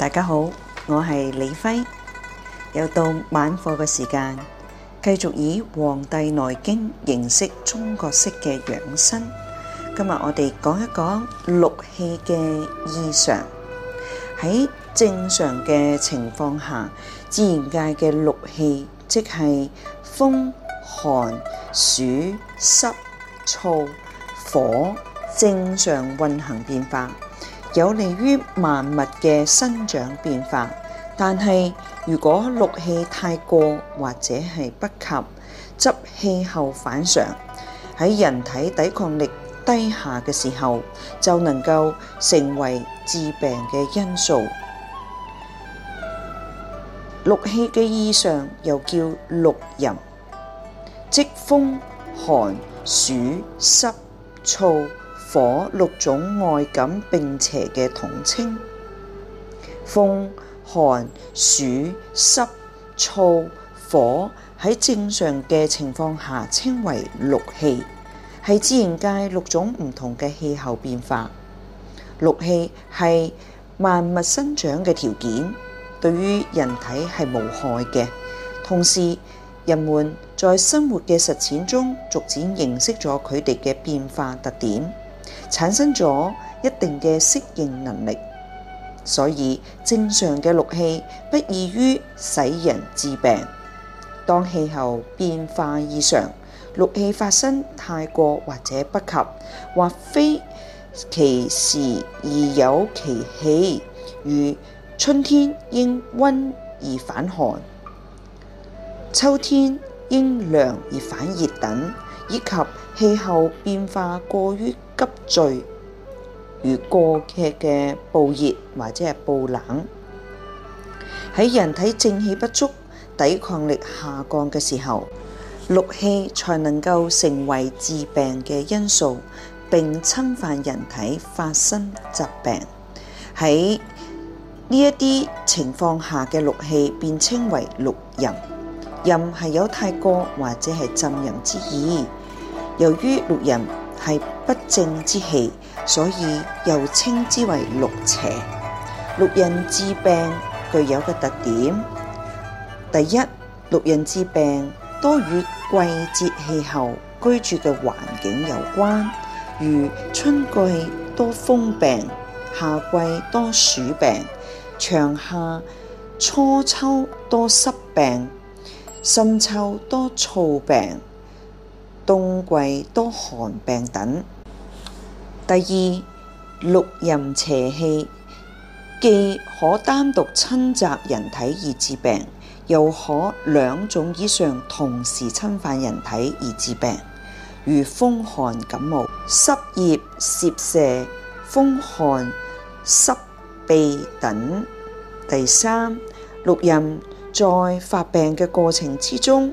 大家好，我係李輝，又到晚課嘅時間，繼續以《黃帝內經》認識中國式嘅養生。今日我哋講一講六氣嘅異常。喺正常嘅情況下，自然界嘅六氣即係風、寒、暑、濕、燥、火，正常運行變化。有利於萬物嘅生長變化，但係如果六氣太過或者係不及，則氣候反常，喺人體抵抗力低下嘅時候，就能夠成為致病嘅因素。六氣嘅異常又叫六淫，即風寒暑濕燥、火，六種外感病邪嘅統稱，風、寒、暑、暑濕、濕、燥、火，喺正常嘅情況下稱為六氣，係自然界六種唔同嘅氣候變化。六氣係萬物生長嘅條件，對於人體係無害嘅。同時，人們在生活嘅實踐中逐漸認識咗佢哋嘅變化特點。產生咗一定嘅適應能力，所以正常嘅六氣不易於使人致病。當氣候變化異常，六氣發生太過或者不及，或非其時而有其氣，如春天應溫而反寒，秋天。因涼而反熱等，以及氣候變化過於急驟，如過劇嘅暴熱或者係暴冷，喺人體正氣不足、抵抗力下降嘅時候，六氣才能夠成為致病嘅因素，並侵犯人體發生疾病。喺呢一啲情況下嘅六氣，便稱為六淫。任係有太過或者係浸淫之意，由於六淫係不正之氣，所以又稱之為六邪。六淫致病具有嘅特點，第一，六淫致病多與季節氣候居住嘅環境有關，如春季多風病，夏季多暑病，長夏初秋多濕病。深秋多燥病，冬季多寒病等。第二，六淫邪氣既可單獨侵襲人體而致病，又可兩種以上同時侵犯人體而致病，如風寒感冒、濕熱泄瀉、風寒濕痹等。第三，六淫在發病嘅過程之中，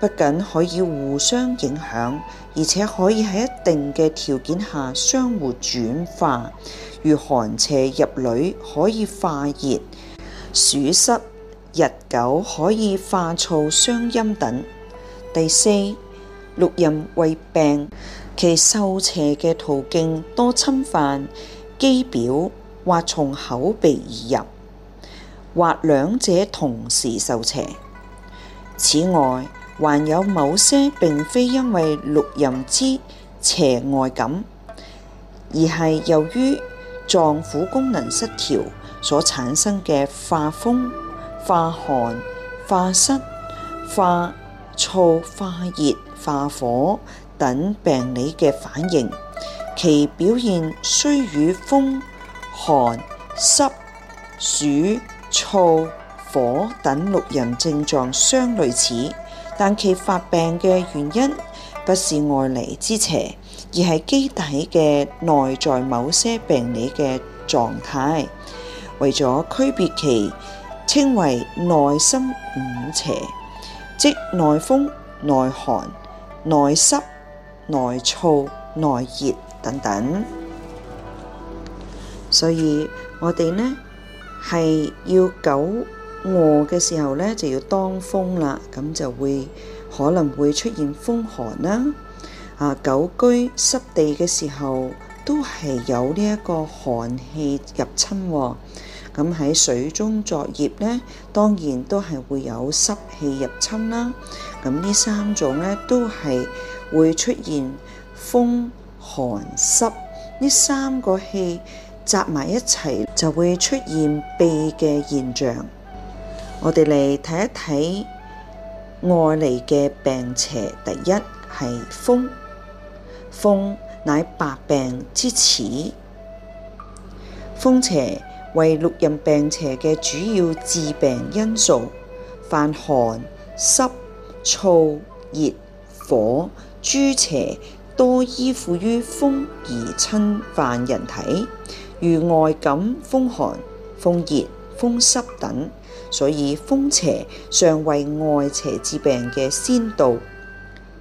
不僅可以互相影響，而且可以喺一定嘅條件下相互轉化，如寒邪入裏可以化熱，暑濕日久可以化燥傷陰等。第四，六淫為病，其受邪嘅途徑多侵犯肌表或從口鼻而入。或兩者同時受邪。此外，還有某些並非因為六淫之邪外感，而係由於臟腑功能失調所產生嘅化風、化寒、化濕、化燥、化熱、化火等病理嘅反應，其表現雖與風、寒、濕、暑、燥火等六淫症狀相類似，但其發病嘅原因不是外嚟之邪，而係機體嘅內在某些病理嘅狀態。為咗區別其，稱為內心五邪，即內風、內寒、內濕、內燥、內熱等等。所以我哋呢？係要久臥嘅時候咧，就要當風啦，咁就會可能會出現風寒啦。啊，久居濕地嘅時候，都係有呢一個寒氣入侵喎。咁喺水中作業咧，當然都係會有濕氣入侵啦。咁呢三種咧，都係會出現風寒濕呢三個氣。集埋一齊就會出現痹嘅現象。我哋嚟睇一睇外嚟嘅病邪。第一係風，風乃百病之始，風邪為六淫病邪嘅主要致病因素。犯寒、濕、燥、燥、熱、火諸邪多依附於風而侵犯人體。如外感風寒、風熱、風濕等，所以風邪尚為外邪致病嘅先導。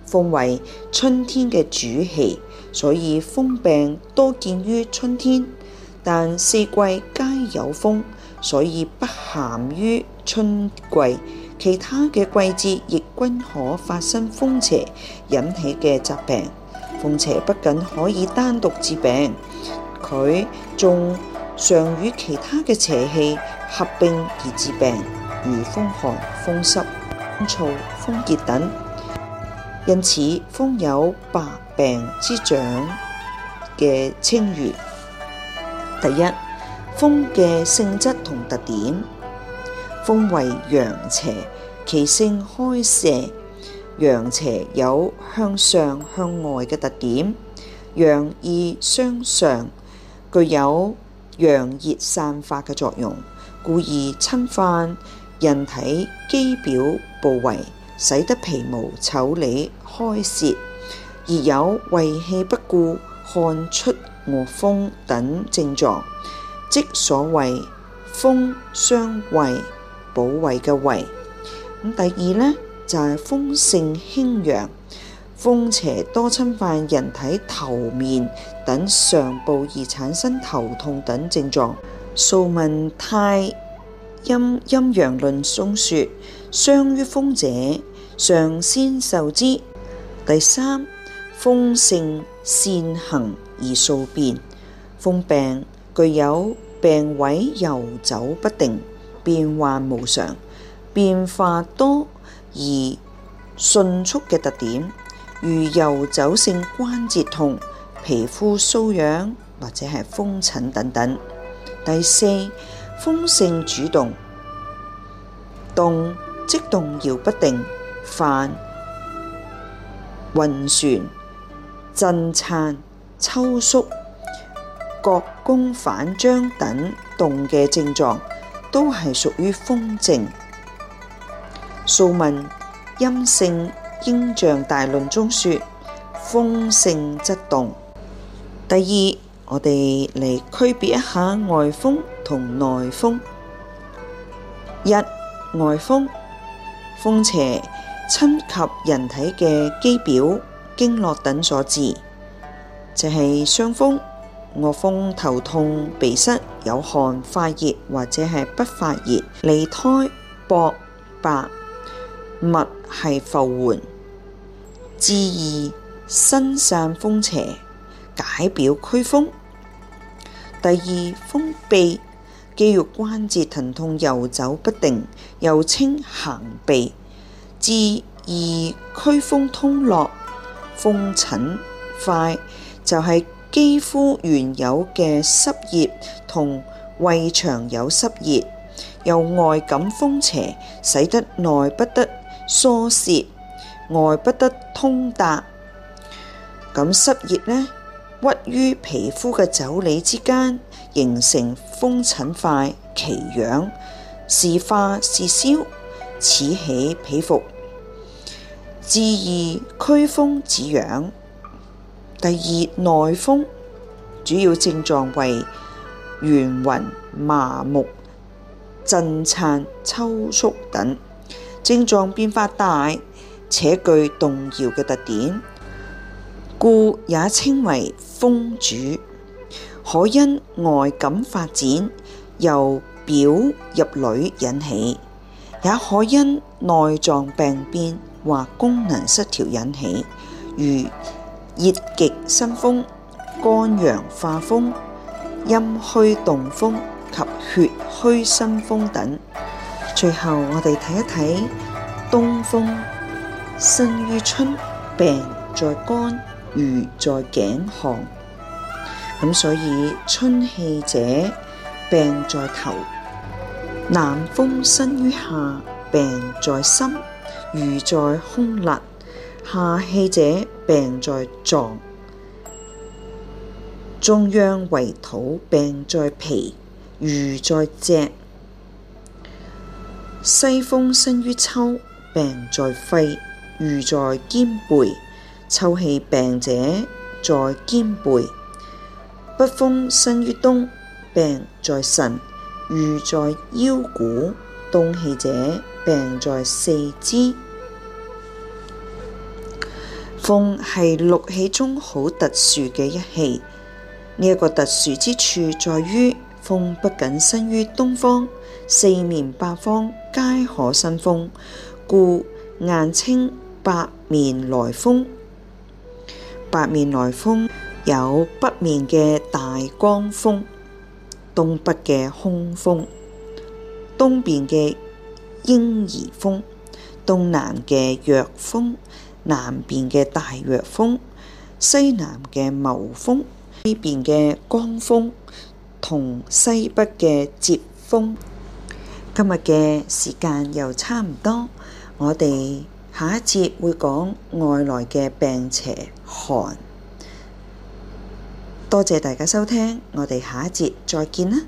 風為春天嘅主氣，所以風病多見於春天。但四季皆有風，所以不限於春季。其他嘅季節亦均可發生風邪引起嘅疾病。風邪不僅可以單獨致病。佢仲常與其他嘅邪氣合併而致病，如風寒、風濕、風燥、風結等。因此，風有百病之長嘅稱譽。第一，風嘅性質同特點，風為陽邪，其性開泄。陽邪有向上向外嘅特點，陽易傷上。具有陽熱散發嘅作用，故而侵犯人體肌表部位，使得皮毛腠理開泄，而有衛氣不固、汗出惡風等症狀，即所謂風傷衛、保衛嘅衛。咁第二呢，就係、是、風性輕揚，風邪多侵犯人體頭面。等上部而產生頭痛等症狀。素問太陰陰陽論中說：傷於風者，上先受之。第三，風性善行而數變，風病具有病位游走不定、變幻無常、變化多而迅速嘅特點，如游走性關節痛。皮膚瘙癢或者係風疹等等。第四，風性主動，動即動搖不定、泛暈眩、震顫、抽搐、角弓反張等動嘅症狀，都係屬於風症。素問陰性應象大論中說：風性則動。第二，我哋嚟區別一下外風同內風。一外風風邪侵及人體嘅肌表、經絡等所致，就係、是、傷風、惡風、頭痛、鼻塞、有汗、發熱或者係不發熱、脷苔、薄白、脈係浮緩。治宜辛散風邪。解表驅風，第二風痹，肌肉關節疼痛游走不定，又稱行痹。治宜驅風通絡，風疹塊就係肌膚原有嘅濕熱，同胃腸有濕熱，又外感風邪，使得內不得疏泄，外不得通達，咁濕熱呢？屈於皮膚嘅腠理之間，形成風疹塊、奇癢，時發時消，此起彼伏。治宜驅風止癢。第二內風，主要症狀為眩暈、麻木、震顫、抽搐等，症狀變化大，且具動搖嘅特點，故也稱為。風主，可因外感發展由表入裏引起，也可因內臟病變或功能失調引起，如熱極生風、肝陽化風、陰虛動風及血虛生風等。最後我哋睇一睇，東風生於春，病在肝。如在頸項，咁所以春氣者病在頭；南風生於夏，病在心；如在胸肋；夏氣者病在臟；中央為土，病在脾；如在脊；西風生於秋，病在肺；如在肩背。秋氣病者在肩背，北風生於冬，病在腎，遇在腰股，冬氣者病在四肢。風係六氣中好特殊嘅一氣。呢、這、一個特殊之處在於，在於風不僅生於東方，四面八方皆可生風，故顏稱八面來風。八面來風，有北面嘅大剛風，東北嘅凶風，東邊嘅嬰兒風，東南嘅弱風，南邊嘅大弱風，西南嘅謀風，西邊嘅剛風，同西北嘅折風。今日嘅時間又差唔多，我哋。下一節會講外來嘅病邪寒，多謝大家收聽，我哋下一節再見啦。